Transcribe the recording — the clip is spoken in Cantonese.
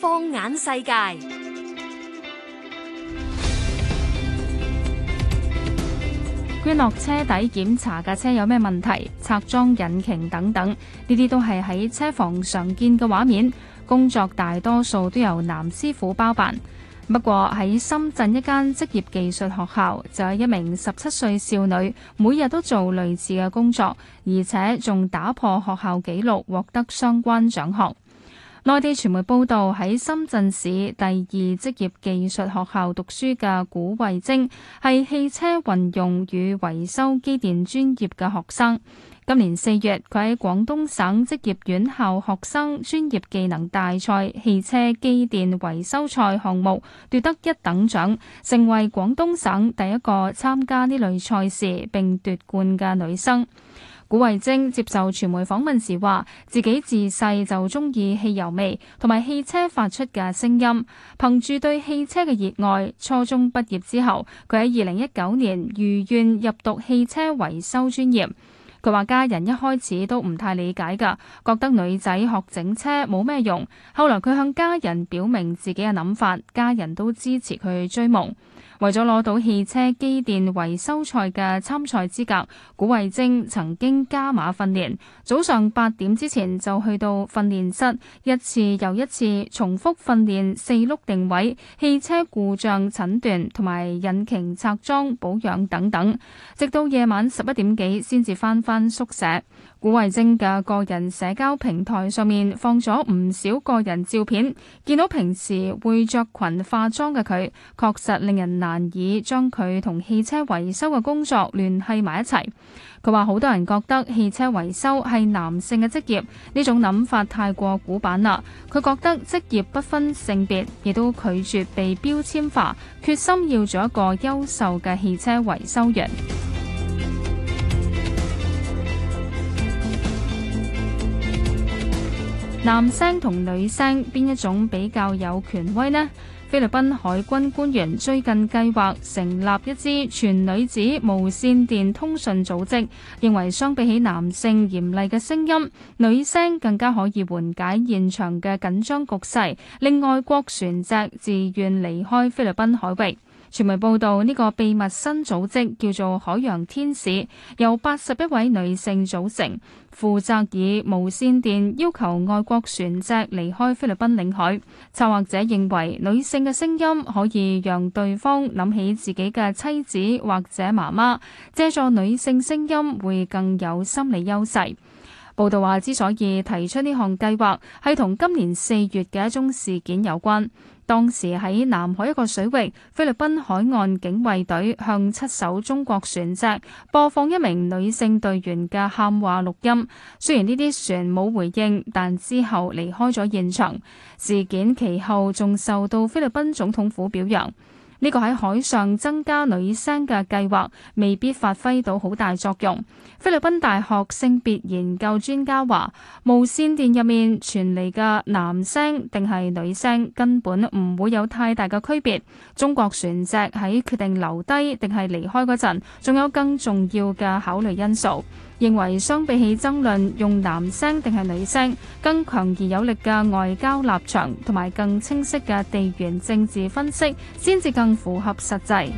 放眼世界，捐落車底檢查架車有咩問題、拆裝引擎等等，呢啲都係喺車房常見嘅畫面。工作大多數都由男師傅包辦。不過喺深圳一間職業技術學校，就有一名十七歲少女，每日都做類似嘅工作，而且仲打破學校記錄獲得相關獎項。內地傳媒報導，喺深圳市第二職業技術學校讀書嘅古慧晶，係汽車運用與維修機電專業嘅學生。今年四月，佢喺廣東省職業院校學生專業技能大賽汽車機電維修賽項目奪得一等獎，成為廣東省第一個參加呢類賽事並奪冠嘅女生。古慧晶接受傳媒訪問時話，自己自細就中意汽油味同埋汽車發出嘅聲音。憑住對汽車嘅熱愛，初中畢業之後，佢喺二零一九年如願入讀汽車維修專業。佢話家人一開始都唔太理解㗎，覺得女仔學整車冇咩用。後來佢向家人表明自己嘅諗法，家人都支持佢去追夢。為咗攞到汽車機電維修賽嘅參賽資格，古慧晶曾經加碼訓練，早上八點之前就去到訓練室，一次又一次重複訓練四碌定位、汽車故障診斷同埋引擎拆裝保養等等，直到夜晚十一點幾先至翻返宿舍。古慧晶嘅個人社交平台上面放咗唔少個人照片，見到平時會着裙化妝嘅佢，確實令人難。難以將佢同汽車維修嘅工作聯繫埋一齊。佢話好多人覺得汽車維修係男性嘅職業，呢種諗法太過古板啦。佢覺得職業不分性別，亦都拒絕被標籤化，決心要做一個優秀嘅汽車維修員。男聲同女聲邊一種比較有權威呢？菲律賓海軍官員最近計劃成立一支全女子無線電通訊組織，認為相比起男性嚴厲嘅聲音，女聲更加可以緩解現場嘅緊張局勢，令外國船隻自願離開菲律賓海域。傳媒報道，呢個秘密新組織叫做海洋天使，由八十一位女性組成，負責以無線電要求外國船隻離開菲律賓領海。策劃者認為，女性嘅聲音可以讓對方諗起自己嘅妻子或者媽媽，借助女性聲音會更有心理優勢。報道話，之所以提出呢項計劃，係同今年四月嘅一宗事件有關。當時喺南海一個水域，菲律賓海岸警衛隊向七艘中國船隻播放一名女性隊員嘅喊話錄音。雖然呢啲船冇回應，但之後離開咗現場。事件其後仲受到菲律賓總統府表揚。呢個喺海上增加女聲嘅計劃未必發揮到好大作用。菲律賓大學性別研究專家話，無線電入面傳嚟嘅男聲定係女聲根本唔會有太大嘅區別。中國船隻喺決定留低定係離開嗰陣，仲有更重要嘅考慮因素。認為相比起爭論，用男聲定係女聲，更強而有力嘅外交立場同埋更清晰嘅地緣政治分析，先至更符合實際。